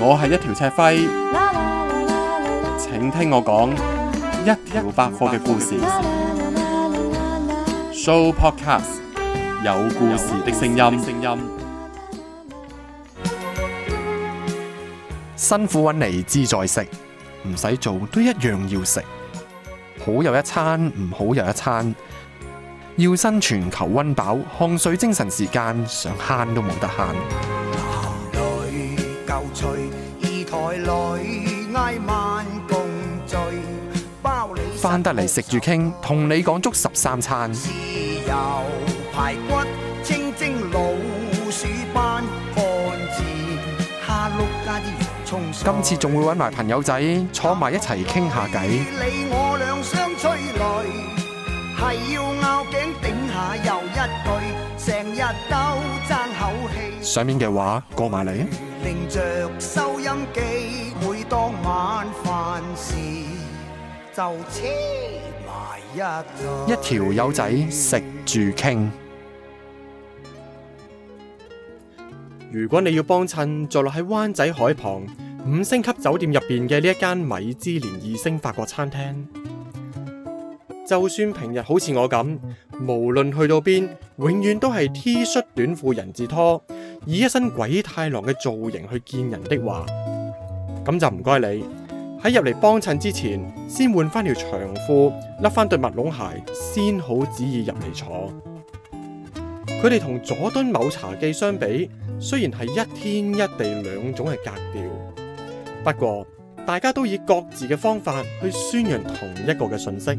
我係一條赤輝，請聽我講一條百貨嘅故事。故事 Show podcast 有故事的聲音。音辛苦揾嚟，自在食，唔使做都一樣要食。好又一餐，唔好又一餐。要生存求溫飽，汗水精神時間，想慳都冇得慳。包你翻得嚟食住傾，同你講足十三餐，豉油排骨、清蒸老鼠班。今次仲會揾埋朋友仔坐埋一齊傾下偈。上面嘅話過埋嚟。着收音機每當晚飯時就黐埋一條友仔食住傾，如果你要幫襯，坐落喺灣仔海旁五星級酒店入邊嘅呢一間米芝蓮二星法國餐廳，就算平日好似我咁，無論去到邊，永遠都係 T 恤、短褲、人字拖。以一身鬼太郎嘅造型去見人的話，咁就唔該你喺入嚟幫襯之前，先換翻條長褲，甩翻對襪窿鞋，先好旨意入嚟坐。佢哋同佐敦某茶記相比，雖然係一天一地兩種嘅格調，不過大家都以各自嘅方法去宣揚同一個嘅信息。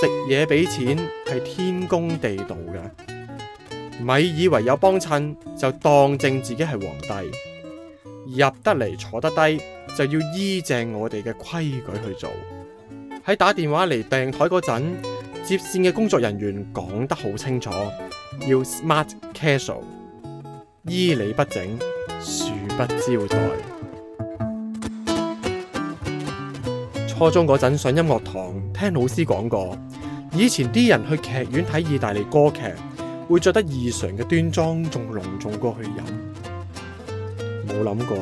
食嘢俾錢係天公地道。咪以為有幫襯就當正自己係皇帝，入得嚟坐得低就要依正我哋嘅規矩去做。喺打電話嚟訂台嗰陣，接線嘅工作人員講得好清楚，要 smart casual。衣履不整，恕不招待。初中嗰陣上音樂堂，聽老師講過，以前啲人去劇院睇意大利歌劇。會着得異常嘅端莊，仲隆重過去飲，冇諗過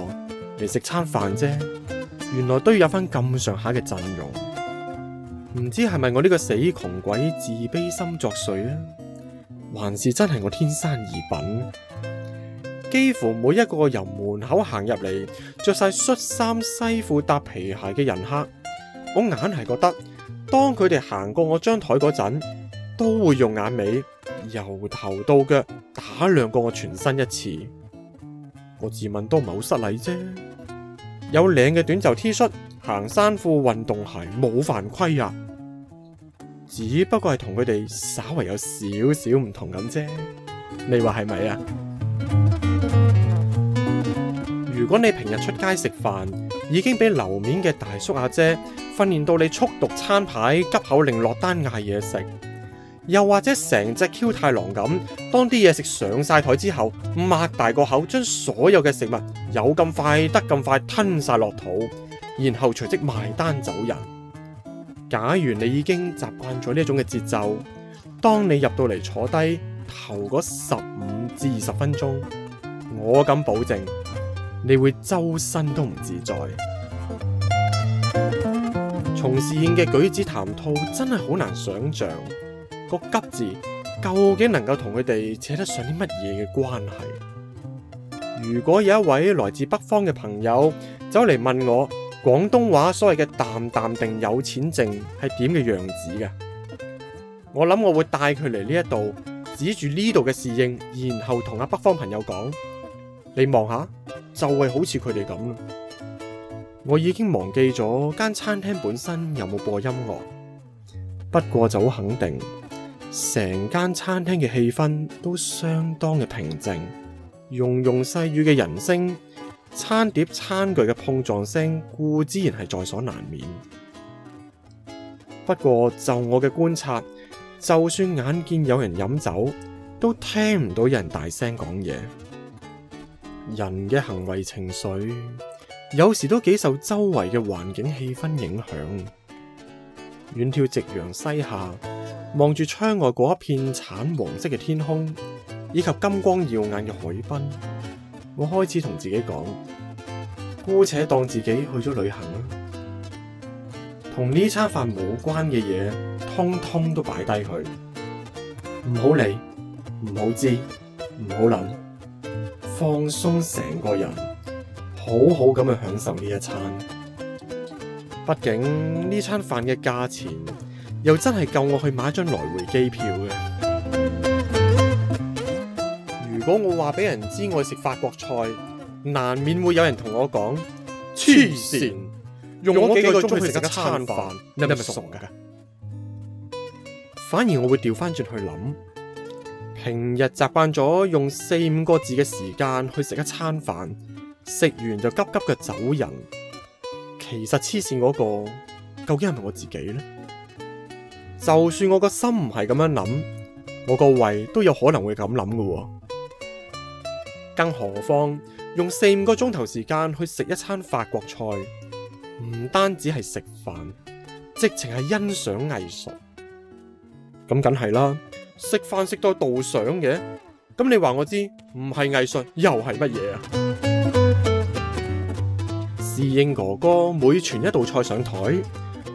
嚟食餐飯啫，原來都要有翻咁上下嘅陣容。唔知係咪我呢個死窮鬼自卑心作祟咧，還是真係我天生異品？幾乎每一個由門口行入嚟，着晒恤衫、西褲、搭皮鞋嘅人客，我硬係覺得，當佢哋行過我張台嗰陣，都會用眼尾由頭到腳打量過我全身一次，我自問都唔係好失禮啫。有領嘅短袖 T 恤、行山褲、運動鞋，冇犯規呀，啊。只不過係同佢哋稍為有少少唔同咁啫。你話係咪啊？ 如果你平日出街食飯，已經俾樓面嘅大叔阿姐訓練到你速讀餐牌、急口令落單嗌嘢食。又或者成隻 Q 太郎咁，當啲嘢食上晒台之後，擘大個口將所有嘅食物有咁快得咁快吞晒落肚，然後隨即埋單走人。假如你已經習慣咗呢種嘅節奏，當你入到嚟坐低頭嗰十五至二十分鐘，我敢保證你會周身都唔自在。從事燕嘅舉止談吐真係好難想象。個急字究竟能夠同佢哋扯得上啲乜嘢嘅關係？如果有一位來自北方嘅朋友走嚟問我廣東話所謂嘅淡淡定有錢剩係點嘅樣子嘅，我諗我會帶佢嚟呢一度，指住呢度嘅侍應，然後同阿北方朋友講：你望下，就係好似佢哋咁。我已經忘記咗間餐廳本身有冇播音樂，不過就好肯定。成間餐廳嘅氣氛都相當嘅平靜，喁喁細語嘅人聲、餐碟餐具嘅碰撞聲，固之然係在所難免。不過就我嘅觀察，就算眼見有人飲酒，都聽唔到有人大聲講嘢。人嘅行為情緒，有時都幾受周圍嘅環境氣氛影響。遠眺夕陽西下，望住窗外嗰一片橙黃色嘅天空，以及金光耀眼嘅海濱，我開始同自己講：姑且當自己去咗旅行啦，同呢餐飯冇關嘅嘢，通通都擺低佢，唔好理，唔好知，唔好諗，放鬆成個人，好好咁去享受呢一餐。畢竟呢餐飯嘅價錢……又真係夠我去買一張來回機票嘅。如果我話俾人知我去食法國菜，難免會有人同我講：黐線，用咗幾個鐘去食一餐飯，餐飯你係咪傻噶？的反而我會調翻轉去諗，平日習慣咗用四五個字嘅時間去食一餐飯，食完就急急嘅走人。其實黐線嗰個，究竟係咪我自己咧？就算我個心唔係咁樣諗，我個胃都有可能會咁諗㗎喎。更何況用四五個鐘頭時間去食一餐法國菜，唔單止係食飯，直情係欣賞藝術。咁梗係啦，食飯食多道導賞嘅。咁你話我知唔係藝術又係乜嘢啊？侍應 哥哥每傳一道菜上台，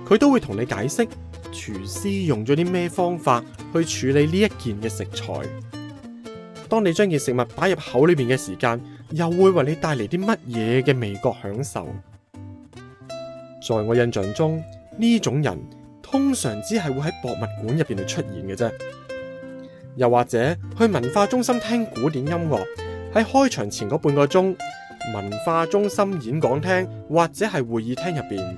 佢都會同你解釋。廚師用咗啲咩方法去處理呢一件嘅食材？當你將件食物擺入口裏邊嘅時間，又會為你帶嚟啲乜嘢嘅味覺享受？在我印象中，呢種人通常只係會喺博物館入邊嚟出現嘅啫，又或者去文化中心聽古典音樂，喺開場前嗰半個鐘，文化中心演講廳或者係會議廳入邊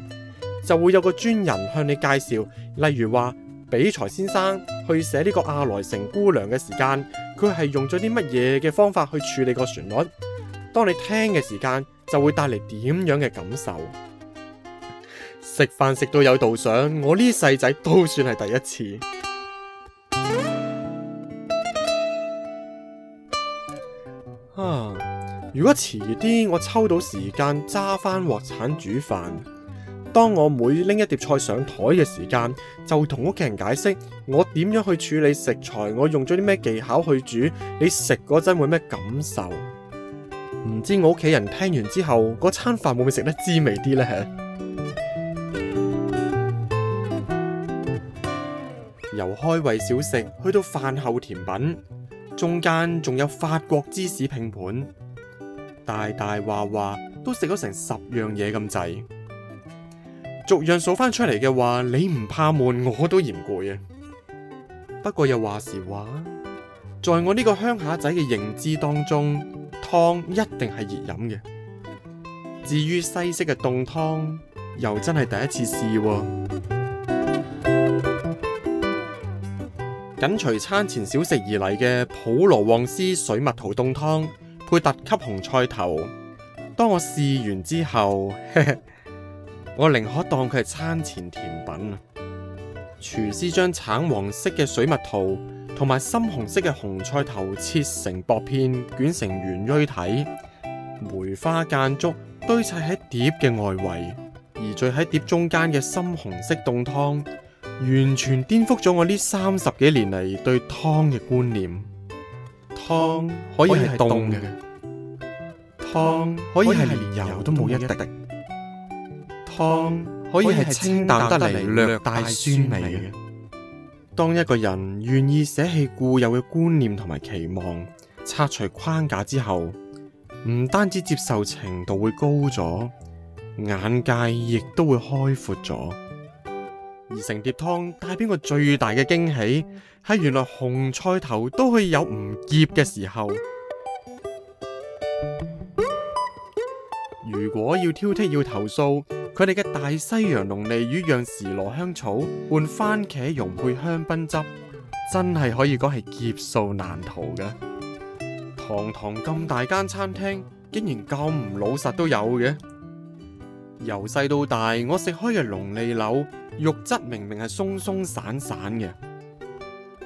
就會有個專人向你介紹。例如話，比才先生去寫呢個《阿萊城姑娘》嘅時間，佢係用咗啲乜嘢嘅方法去處理個旋律？當你聽嘅時間就會帶嚟點樣嘅感受？食飯食到有導賞，我呢世仔都算係第一次。啊！如果遲啲我抽到時間，揸翻鑊鏟煮飯。當我每拎一碟菜上台嘅時間，就同屋企人解釋我點樣去處理食材，我用咗啲咩技巧去煮，你食嗰陣會咩感受？唔知我屋企人聽完之後，嗰餐飯會唔會食得滋味啲呢？ 由開胃小食去到飯後甜品，中間仲有法國芝士拼盤，大大話話都食咗成十樣嘢咁滯。逐樣數翻出嚟嘅話，你唔怕悶，我都嫌攰啊！不過又話時話，在我呢個鄉下仔嘅認知當中，湯一定係熱飲嘅。至於西式嘅凍湯，又真係第一次試喎。緊隨餐前小食而嚟嘅普羅旺斯水蜜桃凍湯，配特級紅菜頭。當我試完之後，嘿嘿。我寧可當佢係餐前甜品。廚師將橙黃色嘅水蜜桃同埋深紅色嘅紅菜頭切成薄片，捲成圓錐體，梅花間竹堆砌喺碟嘅外圍，而聚喺碟中間嘅深紅色凍湯，完全顛覆咗我呢三十幾年嚟對湯嘅觀念。湯可以係凍嘅，湯可以係連油都冇一滴。湯可以係清淡得嚟略帶酸味嘅。當一個人願意捨棄固有嘅觀念同埋期望，拆除框架之後，唔單止接受程度會高咗，眼界亦都會開闊咗。而成碟湯帶嚟嘅最大嘅驚喜，係原來紅菜頭都可以有唔澀嘅時候。如果要挑剔，要投訴。佢哋嘅大西洋龍利魚用時羅香草換番茄蓉配香檳汁，真係可以講係劫數難逃嘅。堂堂咁大間餐廳，竟然咁唔老實都有嘅。由細到大，我食開嘅龍利柳肉質明明係鬆鬆散散嘅，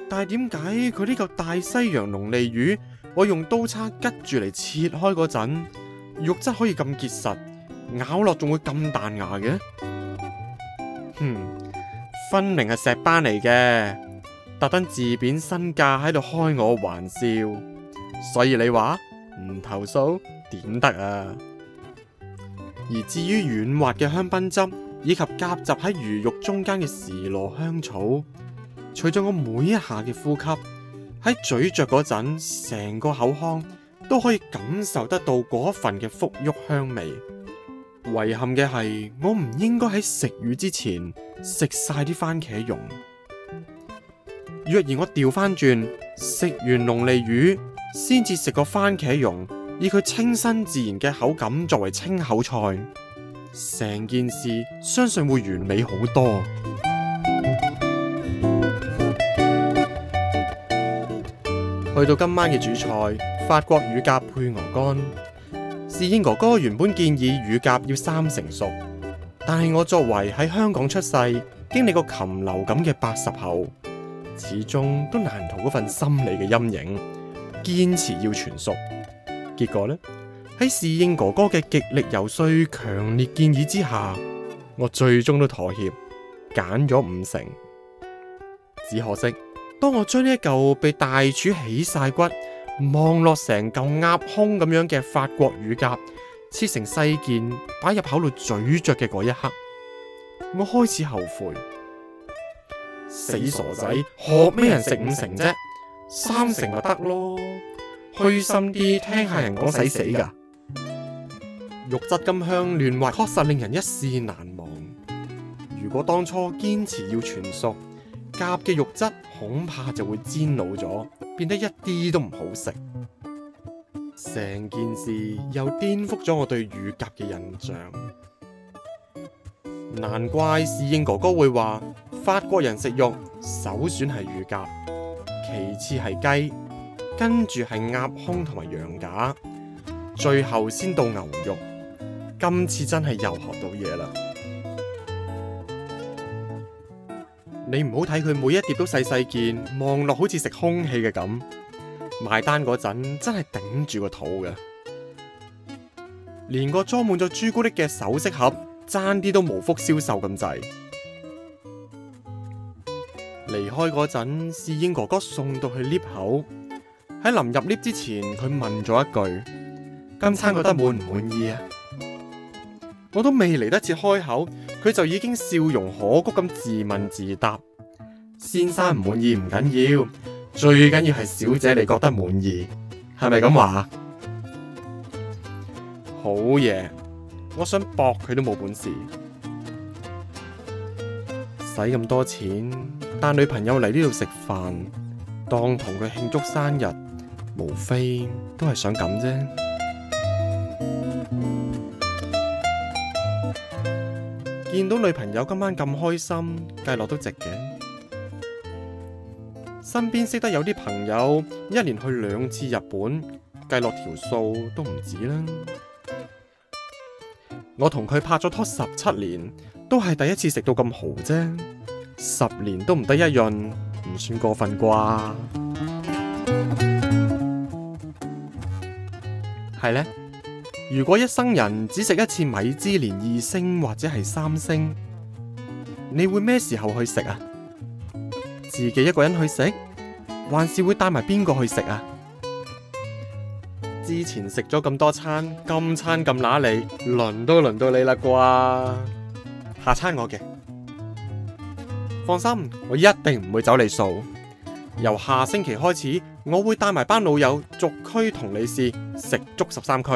但係點解佢呢嚿大西洋龍利魚，我用刀叉拮住嚟切開嗰陣，肉質可以咁結實？咬落仲會咁彈牙嘅，哼，分明係石斑嚟嘅，特登自貶身價喺度開我玩笑。所以你話唔投訴點得啊？而至於軟滑嘅香檳汁，以及夾雜喺魚肉中間嘅時羅香草，除咗我每一下嘅呼吸喺咀嚼嗰陣，成個口腔都可以感受得到嗰份嘅馥郁香味。遺憾嘅係，我唔應該喺食魚之前食晒啲番茄蓉。若然我調翻轉，食完龍脷魚先至食個番茄蓉，以佢清新自然嘅口感作為清口菜，成件事相信會完美好多。 去到今晚嘅主菜，法國乳鴿配鵝肝。侍應哥哥原本建議乳鴿要三成熟，但係我作為喺香港出世、經歷過禽流感嘅八十後，始終都難逃嗰份心理嘅陰影，堅持要全熟。結果呢，喺侍應哥哥嘅極力游說、強烈建議之下，我最終都妥協，揀咗五成。只可惜，當我將呢一嚿被大廚起晒骨。望落成嚿鴨胸咁樣嘅法國乳鴿，切成細件，擺入口度咀嚼嘅嗰一刻，我開始後悔。死傻仔，學咩人食五成啫？三成就得咯，虛心啲，聽下人講死死噶。肉質咁香，嫩滑，確實令人一試難忘。如果當初堅持要全熟，鴿嘅肉質恐怕就會煎老咗。變得一啲都唔好食，成件事又顛覆咗我對乳鴿嘅印象。難怪侍應哥哥會話，法國人食肉首選係乳鴿，其次係雞，跟住係鴨胸同埋羊架，最後先到牛肉。今次真係又學到嘢啦！你唔好睇佢每一碟都細細件，望落好似食空氣嘅咁。埋單嗰陣真係頂住個肚嘅，連個裝滿咗朱古力嘅首飾盒，爭啲都無福消受咁滯。離開嗰陣，侍應哥哥送到去 lift 口，喺臨入 lift 之前，佢問咗一句：今餐覺得滿唔滿意啊？我都未嚟得切開口。佢就已經笑容可掬咁自問自答：先生唔滿意唔緊要，最緊要係小姐你覺得滿意，係咪咁話？好嘢！我想駁佢都冇本事，使咁 多錢帶女朋友嚟呢度食飯，當同佢慶祝生日，無非都係想咁啫。見到女朋友今晚咁開心，計落都值嘅。身邊識得有啲朋友，一年去兩次日本，計落條數都唔止啦。我同佢拍咗拖十七年，都係第一次食到咁豪啫，十年都唔得一樣，唔算過分啩？係咧。如果一生人只食一次米芝蓮二星或者係三星，你會咩時候去食啊？自己一個人去食，還是會帶埋邊個去食啊？之前食咗咁多餐，今餐咁乸脷，輪都輪到你啦啩？下餐我嘅，放心，我一定唔會走你數。由下星期開始，我會帶埋班老友逐區同你試食足十三區。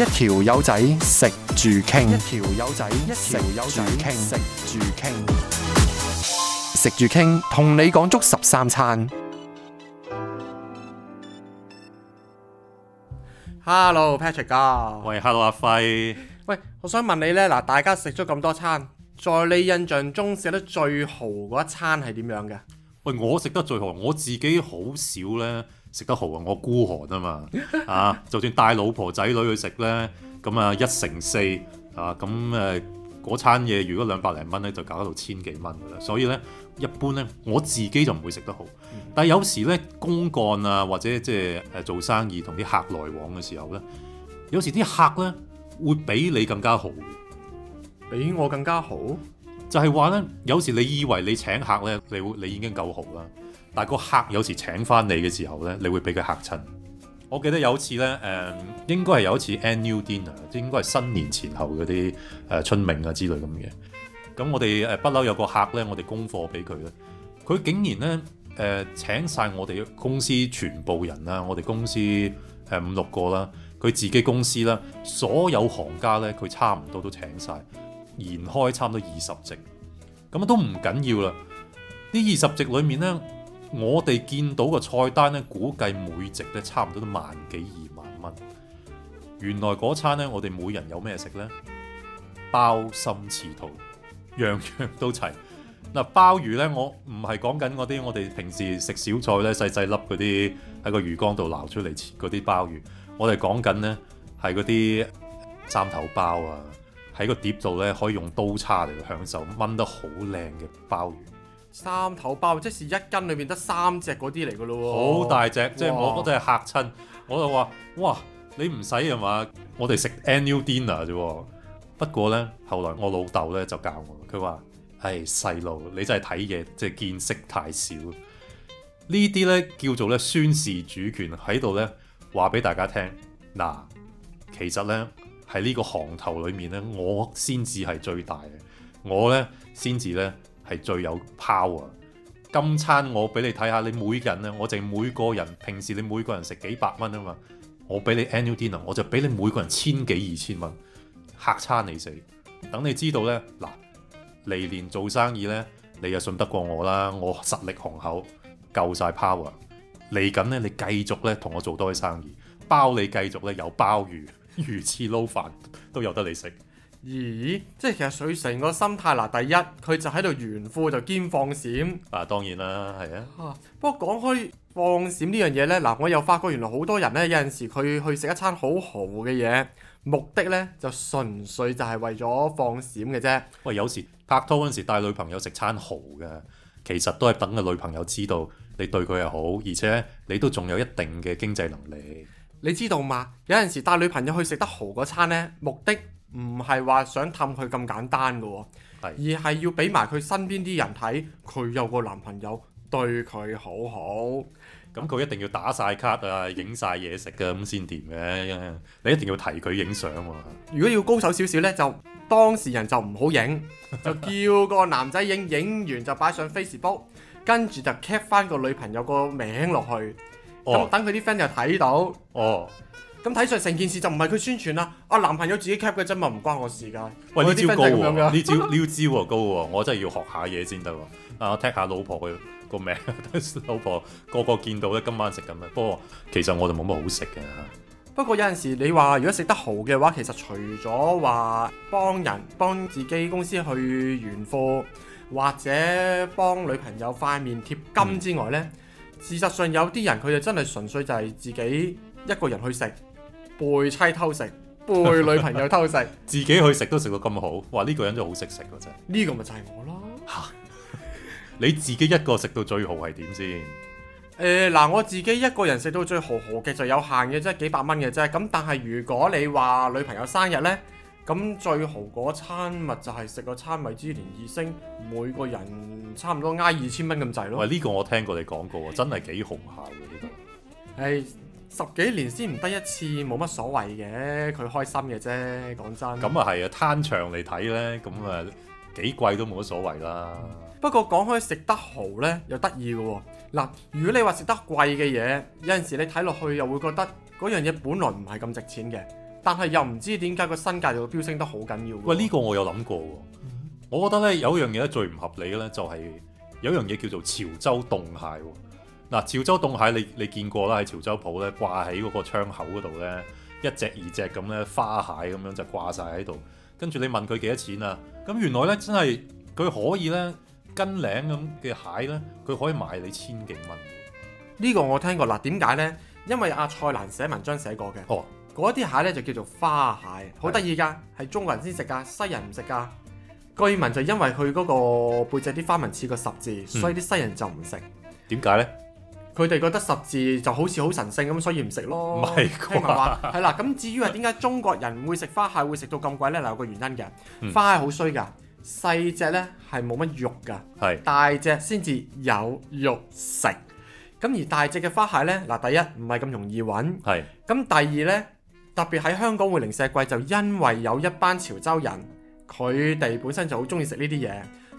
一條友仔食住傾，一條友仔，一條友仔食住傾，食住傾，同你講足十三餐。Hello Patrick，喂，Hello 阿輝，喂，我想問你呢，嗱，大家食咗咁多餐，在你印象中食得最豪嗰一餐係點樣嘅？喂，我食得最豪，我自己好少呢。食得好啊！我孤寒啊嘛， 啊，就算帶老婆仔女去食呢，咁啊一乘四啊，咁誒嗰餐嘢如果兩百零蚊呢，就搞得到千幾蚊噶啦。所以呢，一般呢，我自己就唔會食得好，但係有時呢，公幹啊，或者即係做生意同啲客來往嘅時候呢，有時啲客呢，會比你更加豪，比我更加豪，就係話呢，有時你以為你請客呢，你會你已經夠豪啦。但個客有時請翻你嘅時候咧，你會俾佢嚇親。我記得有一次咧，誒、呃、應該係有一次 annual dinner，即係應該係新年前後嗰啲誒春茗啊之類咁嘅。咁我哋誒不嬲有個客咧，我哋供貨俾佢啦。佢竟然咧誒、呃、請晒我哋公司全部人啦，我哋公司誒、呃、五六個啦，佢自己公司啦，所有行家咧佢差唔多都請晒，延開差唔多二十席。咁都唔緊要啦，呢二十席裡面咧，我哋見到個菜單呢，估計每席呢差唔多都萬幾二萬蚊。原來嗰餐呢，我哋每人有咩食呢？鮑參翅肚，樣樣都齊。嗱，鮑魚呢，我唔係講緊嗰啲我哋平時食小菜呢，細細粒嗰啲，喺個魚缸度撈出嚟切嗰啲鮑魚。我哋講緊呢，係嗰啲三頭鮑啊，喺個碟度呢，可以用刀叉嚟到享受炆得好靚嘅鮑魚。三頭包即係一斤裏面得三隻嗰啲嚟㗎咯喎，好大隻，哇即係我嗰陣嚇親，我就話：哇！你唔使啊嘛，我哋食 annual dinner 啫。不過呢，後來我老豆呢就教我，佢話：唉，細路，你真係睇嘢即係見識太少。呢啲呢叫做呢宣示主權，喺度呢話俾大家聽。嗱，其實呢，喺呢個行頭裏面呢，我先至係最大嘅，我呢，先至呢，係最有 power。今餐我俾你睇下，你每人啊，我淨每個人平時你每個人食幾百蚊啊嘛，我俾你 annual dinner，我就俾你每個人千幾二千蚊，嚇餐你死。等你知道呢。嗱，嚟年做生意呢，你又信得過我啦，我實力雄厚，夠晒 power。嚟緊呢，你繼續呢，同我做多啲生意，包你繼續呢，有鮑魚、魚翅撈飯都有得你食。咦，即係其實水成個心態嗱，第一佢就喺度炫富就兼放閃。啊，當然啦，係啊。不過講開放閃呢樣嘢呢，嗱，我又發覺原來好多人呢，有陣時佢去食一餐好豪嘅嘢，目的呢就純粹就係為咗放閃嘅啫。喂，有時拍拖嗰陣時帶女朋友食餐豪嘅，其實都係等個女朋友知道你對佢係好，而且你都仲有一定嘅經濟能力。你知道嘛？有陣時帶女朋友去食得豪嗰餐呢，目的，唔係話想氹佢咁簡單噶。是而係要俾埋佢身邊啲人睇佢有個男朋友，對佢好好。咁佢、嗯、一定要打晒卡 a 啊，影晒嘢食噶、啊，咁先掂嘅。你一定要提佢影相啊！如果要高手少少呢，就當事人就唔好影，就叫個男仔影，影 完就擺上 Facebook，跟住就 cap 翻個女朋友個名落去。咁等佢啲 friend 又睇到。哦咁睇上成件事就唔係佢宣傳啦，阿、啊、男朋友自己 cap 嘅啫嘛，唔關我事噶。喂，呢招高喎、啊，呢招呢招啊高喎，我真係要學下嘢先得喎。我、啊、聽下老婆嘅個名， 老婆個個見到咧今晚食咁啊。不過其實我就冇乜好食嘅、啊。不過有陣時你話如果食得好嘅話，其實除咗話幫人幫自己公司去完貨，或者幫女朋友塊面貼金之外呢，嗯、事實上有啲人佢就真係純粹就係自己一個人去食。背妻偷食，背女朋友偷食， 自己去食都食到咁好，哇！呢、這個人真係就好識食嘅啫。呢個咪就係我咯。吓，你自己一個食到最好係點先？誒、呃，嗱，我自己一個人食到最豪,豪，豪嘅就有限嘅啫，幾百蚊嘅啫。咁但係如果你話女朋友生日呢，咁最豪嗰餐咪就係食個餐米芝蓮二星，每個人差唔多挨二千蚊咁滯咯。喂，呢個我聽過你講過，真係幾豪下嘅呢度。係。Hey, 十幾年先唔得一次，冇乜所謂嘅，佢開心嘅啫。講真，咁啊係啊，攤場嚟睇呢，咁啊幾貴都冇乜所謂啦。不過講開食得好呢，又得意嘅喎。嗱，如果你話食得貴嘅嘢，有陣時你睇落去又會覺得嗰樣嘢本來唔係咁值錢嘅，但係又唔知點解個身價就會飆升得好緊要。喂，呢個我有諗過喎。我覺得呢，有樣嘢最唔合理嘅呢，就係有樣嘢叫做潮州凍蟹。嗱，潮州凍蟹你你見過啦？喺潮州鋪咧，掛喺嗰個窗口嗰度咧，一隻二隻咁咧，花蟹咁樣就掛晒喺度。跟住你問佢幾多錢啊？咁原來咧真係佢可以咧斤零咁嘅蟹咧，佢可以賣你千幾蚊。呢個我聽過啦。點解咧？因為阿、啊、蔡蘭寫文章寫過嘅。哦。嗰啲蟹咧就叫做花蟹，好得意㗎，係中國人先食㗎，西人唔食㗎。據聞就因為佢嗰個背脊啲花紋似個十字，嗯、所以啲西人就唔食。點解咧？佢哋覺得十字就好似好神聖咁，所以唔食咯。唔係啩？係啦，咁至於係點解中國人會食花蟹會食到咁貴呢？嗱，有個原因嘅。花蟹好衰噶，細隻呢係冇乜肉噶，係是大隻先至有肉食。咁而大隻嘅花蟹呢，嗱，第一唔係咁容易揾，係是。咁第二呢，特別喺香港會零舍貴，就因為有一班潮州人，佢哋本身就好中意食呢啲嘢。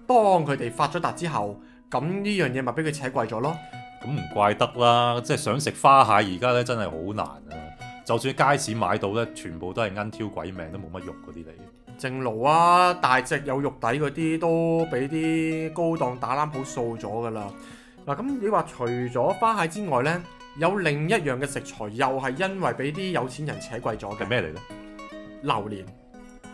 當佢哋發咗達之後，咁呢樣嘢咪俾佢扯貴咗咯。咁唔怪得啦，即係想食花蟹，而家咧真係好難啊！就算街市買到咧，全部都係奄挑鬼命，都冇乜肉嗰啲嚟嘅。正路啊，大隻有肉底嗰啲都俾啲高檔打冷鋪掃咗噶啦。嗱，咁你話除咗花蟹之外咧，有另一樣嘅食材又係因為俾啲有錢人扯貴咗嘅。係咩嚟咧？榴蓮。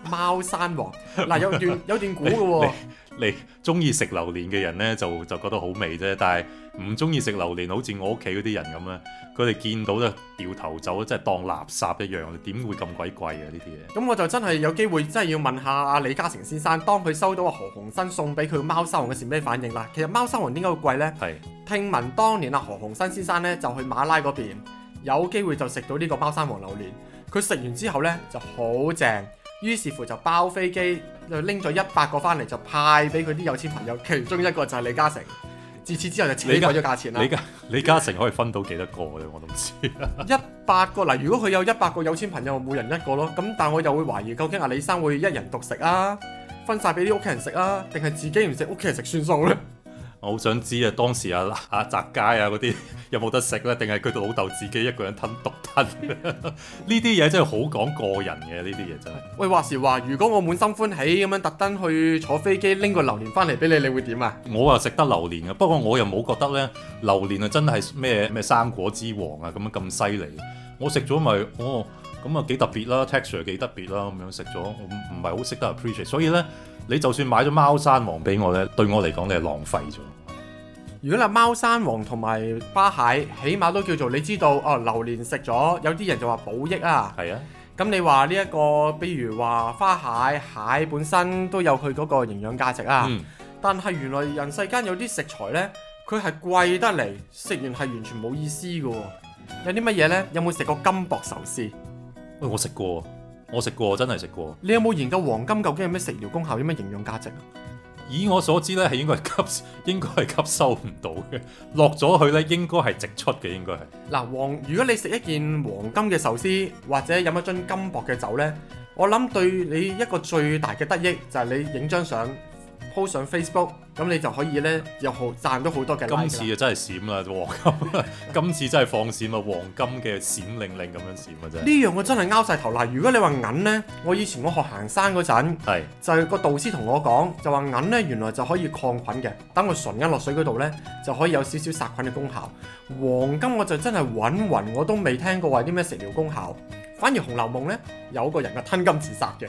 貓山王，嗱，啊，有段有段古嘅喎，你中意食榴蓮嘅人呢，就就覺得好味啫。但係唔中意食榴蓮，好似我屋企嗰啲人咁咧，佢哋見到咧掉頭走，即係當是垃圾一樣。點會咁鬼貴啊？呢啲嘢咁，我就真係有機會，真係要問下阿李嘉誠先生，當佢收到阿何鴻燊送俾佢貓山王嘅時，咩反應啦？其實貓山王點解會貴呢？係是聽聞當年阿何鴻燊先生呢，就去馬拉嗰邊有機會就食到呢個貓山王榴蓮，佢食完之後呢，就好正。於是乎就包飛機，又拎咗一百個翻嚟，就派俾佢啲有錢朋友。其中一個就係李嘉誠。自此之後就自己改咗價錢啦。李嘉李嘉誠可以分到幾多個啫？我都唔知。一 百個嗱，如果佢有一百個有錢朋友，每人一個咯。咁，但我又會懷疑，究竟阿李生會一人獨食啊？分晒俾啲屋企人食啊？定係自己唔食屋企人食算數咧？好想知啊！當時阿阿宅街啊嗰啲、啊啊、有冇得食咧？定係佢老豆自己一個人吞毒吞？呢啲嘢真係好講個人嘅，呢啲嘢真係。喂，話時話，如果我滿心歡喜咁樣特登去坐飛機拎個榴蓮翻嚟俾你，你會點啊？我又食得榴蓮嘅，不過我又冇覺得呢，榴蓮啊真係咩咩生果之王啊咁樣咁犀利。我食咗咪哦咁啊幾特別啦，texture 幾特別啦咁樣食咗，我唔係好識得 appreciate。所以呢，你就算買咗貓山王俾我呢，對我嚟講你係浪費咗。如果啦，貓山王同埋花蟹，起碼都叫做你知道哦。榴蓮食咗，有啲人就話補益啊。係啊，咁你話呢一個，比如話花蟹，蟹本身都有佢嗰個營養價值啊。嗯。但係原來人世間有啲食材呢，佢係貴得嚟，食完係完全冇意思嘅。有啲乜嘢呢？有冇食過金箔壽司？喂，我食過，我食過，真係食過。你有冇研究黃金究竟有咩食療功效，有咩營養價值？以我所知咧，係應該係吸，應該係吸收唔到嘅。落咗去咧，應該係直出嘅，應該係。嗱黃，如果你食一件黃金嘅壽司，或者飲一樽金箔嘅酒咧，我諗對你一個最大嘅得益就係你影張相，鋪上 Facebook，咁你就可以呢，又好賺到好多嘅、like。今次就真係閃啦！黃金， 今次真係放閃嘛！黃金嘅閃靈靈咁樣閃嘅啫。呢樣我真係拗晒頭。嗱，如果你話銀呢，我以前我學行山嗰陣，是就係個導師同我講，就話銀呢原來就可以抗菌嘅。等個純銀落水嗰度呢，就可以有少少殺菌嘅功效。黃金我就真係揾勻，我都未聽過話啲咩食療功效。反而《紅樓夢》呢，有個人嘅吞金自殺嘅。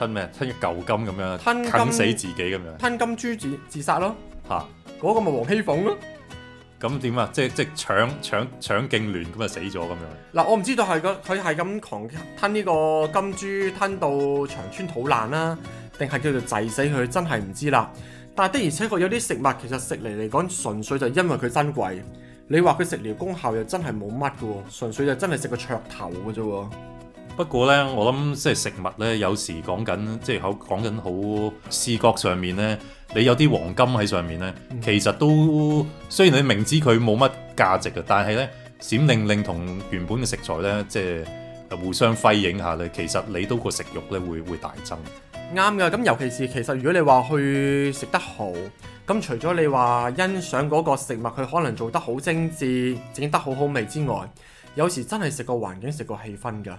吞咩？吞一嚿金咁樣，吞金死自己咁樣，吞金珠自自殺咯。吓哈，嗰個咪王熙鳳咯。咁點啊？即係即係搶搶搶勁亂咁啊死咗咁樣。嗱，我唔知道係個佢係咁狂吞呢個金珠，吞到腸穿肚爛啦，定係叫做滯死佢？真係唔知啦。但係的而且確有啲食物其實食嚟，嚟講純粹就因為佢珍貴。你話佢食療功效又真係冇乜噶，純粹就真係食個噱頭噶啫。不過呢，我諗即係食物呢，有時講緊即係好講緊好視覺上面呢，你有啲黃金喺上面呢，其實都雖然你明知佢冇乜價值嘅，但係呢，閃令令同原本嘅食材呢，即係互相輝映下呢，其實你都個食慾呢會會大增啱㗎，嗯。咁尤其是其實如果你話去食得好，咁除咗你話欣賞嗰個食物，佢可能做得好精緻，整得好好味之外，有時真係食個環境，食個氣氛㗎。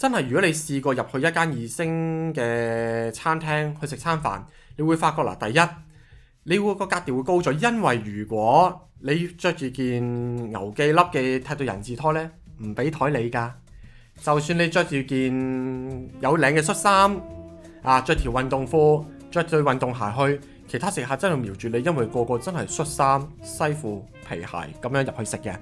真係，如果你試過入去一間二星嘅餐廳去食餐飯，你會發覺嗱，第一，你會個格調會高咗，因為如果你着住件牛記粒嘅，踢到人字拖呢，唔俾枱你㗎。就算你着住件有領嘅恤衫啊，著條運動褲，着對運動鞋去，其他食客真係瞄住你，因為個個真係恤衫西褲皮鞋咁樣入去食嘅。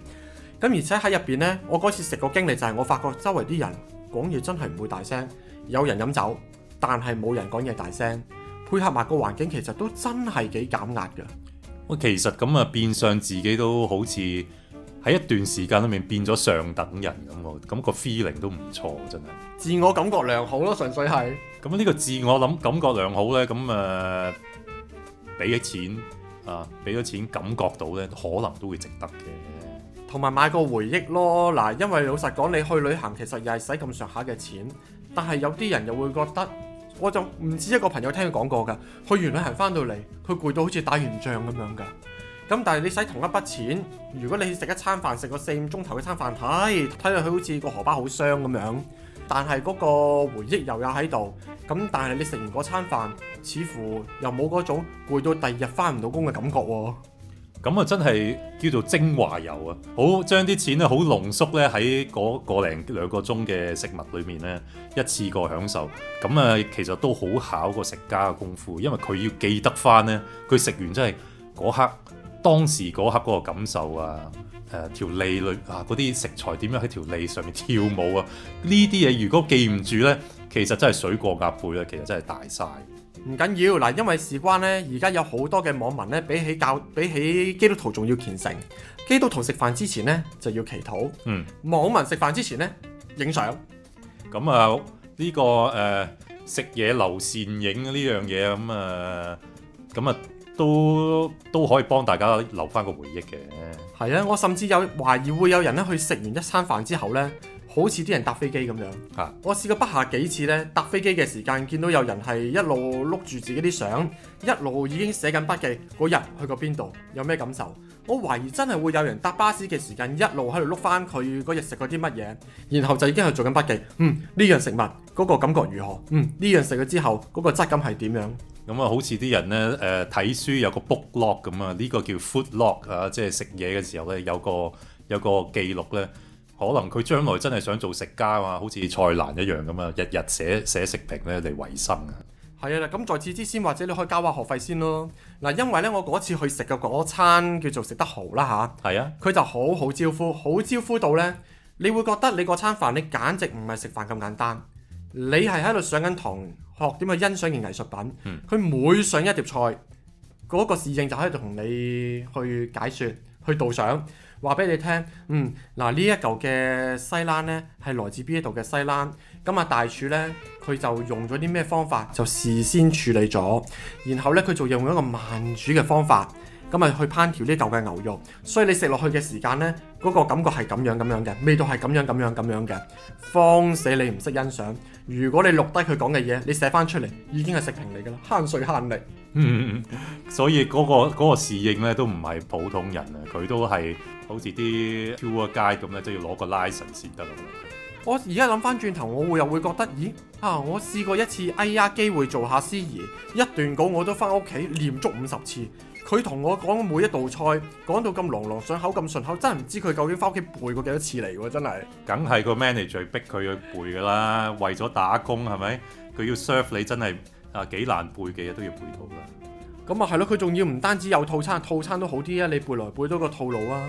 咁而且喺入邊呢，我嗰次食個經歷就係我發覺周圍啲人。講嘢真係唔會大聲，有人飲酒，但係冇人講嘢大聲，配合埋個環境，其實都真係幾減壓㗎。我其實咁啊，變相自己都好似喺一段時間裏面變咗上等人咁喎，咁個 feeling 都唔錯，真係。自我感覺良好咯，純粹係。咁呢個自我諗感覺良好呢，咁、呃、誒，俾咗錢啊，俾咗錢感覺到呢，可能都會值得嘅。同埋買個回憶咯，嗱，因為老實講，你去旅行其實又係使咁上下嘅錢，但係有啲人又會覺得，我就唔止一個朋友聽佢講過㗎，去完旅行翻到嚟，佢攰到好似打完仗咁樣㗎。咁但係你使同一筆錢，如果你食一餐飯，食個四五鐘頭嘅餐飯，睇睇落去好似個荷包好傷咁樣，但係嗰個回憶又有喺度。咁但係你食完嗰餐飯，似乎又冇嗰種攰到第二日翻唔到工嘅感覺喎。咁啊，真係叫做精華油啊！好，將啲錢咧，好濃縮咧喺嗰個零兩個鐘嘅食物裏面咧，一次過享受。咁啊，其實都好考個食家嘅功夫，因為佢要記得返咧，佢食完真係嗰刻，當時嗰刻嗰個感受啊，誒、啊、條脷裏啊嗰啲食材點樣喺條脷上面跳舞啊？呢啲嘢如果記唔住咧，其實真係水過鴨背咧，其實真係大晒。唔緊要嗱，因為事關呢，而家有好多嘅網民呢，比起教比起基督徒仲要虔誠，基督徒食飯之前呢，就要祈禱，嗯，網民食飯之前呢，影相，咁啊呢、這個誒食嘢留善影呢樣嘢啊，咁啊咁啊都都可以幫大家留翻個回憶嘅，係啊，我甚至有懷疑會有人咧去食完一餐飯之後呢。好似啲人搭飛機咁樣，啊、我試過不下幾次呢，搭飛機嘅時間見到有人係一路碌住自己啲相，一路已經寫緊筆記。嗰日去過邊度，有咩感受？我懷疑真係會有人搭巴士嘅時間，一路喺度碌翻佢嗰日食過啲乜嘢，然後就已經去做緊筆記。嗯，呢樣食物嗰、嗰個感覺如何？嗯，呢樣食咗之後嗰、嗰個質感係點樣？咁啊、嗯，好似啲人呢，誒、呃、睇書有個 book log 咁啊，呢個叫 food log 啊，即係食嘢嘅時候呢，有個有個記錄呢。可能佢將來真係想做食家啊嘛，好似蔡瀾一樣咁啊，日日寫寫食評咧嚟維生啊。係啊，咁在此之先，或者你可以交下學費先咯。嗱，因為咧我嗰次去食嘅嗰餐叫做食得好啦吓，係啊，佢的就好好招呼，好招呼到咧，你會覺得你嗰餐飯你簡直唔係食飯咁簡單，你係喺度上緊堂學點去欣賞嘅藝術品。佢、嗯、每上一碟菜，嗰、那個侍應就可以同你去解説、去導賞。話俾你聽，嗯，嗱呢一嚿嘅西冷呢，係來自邊一度嘅西冷，咁啊大廚呢，佢就用咗啲咩方法就事先處理咗，然後呢，佢就用一個慢煮嘅方法，咁啊去烹調呢一嚿嘅牛肉，所以你食落去嘅時間呢，嗰個感覺係咁樣咁樣嘅，味道係咁樣咁樣咁樣嘅，慌死你唔識欣賞。如果你錄低佢講嘅嘢，你寫翻出嚟已經係食評嚟㗎啦，慳水慳力。嗯，所以嗰個嗰個侍應呢，都唔係普通人啊，佢都係。好似啲 tour guide 咁咧，都要攞個 license 先得咯。我而家諗翻轉頭，我會又會覺得，咦啊！我試過一次，哎呀，機會做下司儀一段稿，我都翻屋企唸足五十次。佢同我講每一道菜，講到咁朗朗上口咁順口，真係唔知佢究竟翻屋企背過幾多次嚟喎！真係。梗係個 manager 逼佢去背㗎啦，為咗打工係咪？佢要 serve 你真係啊幾難背嘅，都要背到啦。咁啊，係咯，佢仲要唔單止有套餐，套餐都好啲啊！你背來背到個套路啊！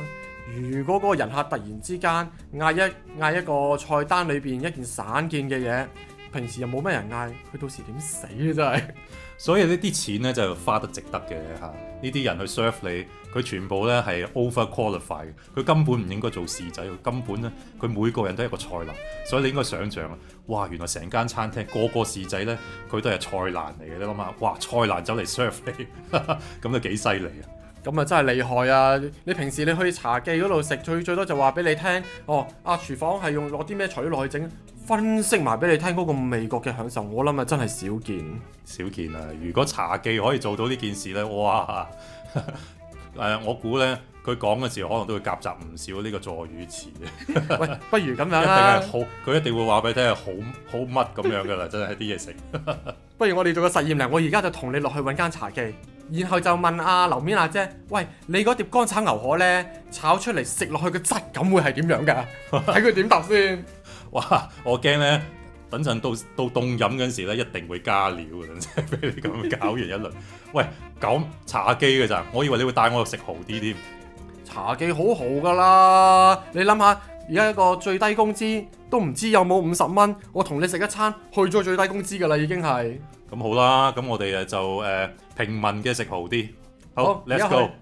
如果嗰個人客突然之間嗌一嗌一個菜單裏邊一件散件嘅嘢，平時又冇咩人嗌，佢到時點死啊！真係。 所以呢啲錢咧就花得值得嘅吓，呢啲人去 serve 你，佢全部咧係 over qualified，佢根本唔應該做侍仔，佢根本咧佢每個人都係個菜籃，所以你應該想象啊，哇原來成間餐廳個個侍仔咧佢都係菜籃嚟嘅。你諗下哇菜籃走嚟 serve 你，咁都幾犀利啊！咁啊真係厲害啊！你平時你去茶記嗰度食，最最多就話俾你聽，哦啊，廚房係用攞啲咩材料去整，分析埋俾你聽嗰個味覺嘅享受，我諗啊真係少見少見啊！如果茶記可以做到呢件事呢？哇！誒、 呃，我估呢，佢講嘅時候可能都會夾雜唔少呢個助語詞嘅。 喂，不如咁樣一定係好，佢一定會話俾你聽好好乜咁樣嘅啦， 真係啲嘢食。 不如我哋做個實驗嚟，我而家就同你落去揾間茶記。然後就問阿、啊、樓面阿姐，喂，你嗰碟乾炒牛河呢，炒出嚟食落去嘅質感會係點樣㗎？睇佢點答先。哇！我驚呢，等陣到到凍飲嗰陣時呢，一定會加料嘅，真係俾你咁搞完一輪。 喂，咁茶記嘅咋？我以為你會帶我食豪啲添。茶記好好㗎啦！你諗下，而家一個最低工資都唔知有冇五十蚊，我同你食一餐，去咗最低工資㗎啦，已經係。咁好啦，咁我哋誒就誒。平民嘅食好啲，好，Let's go。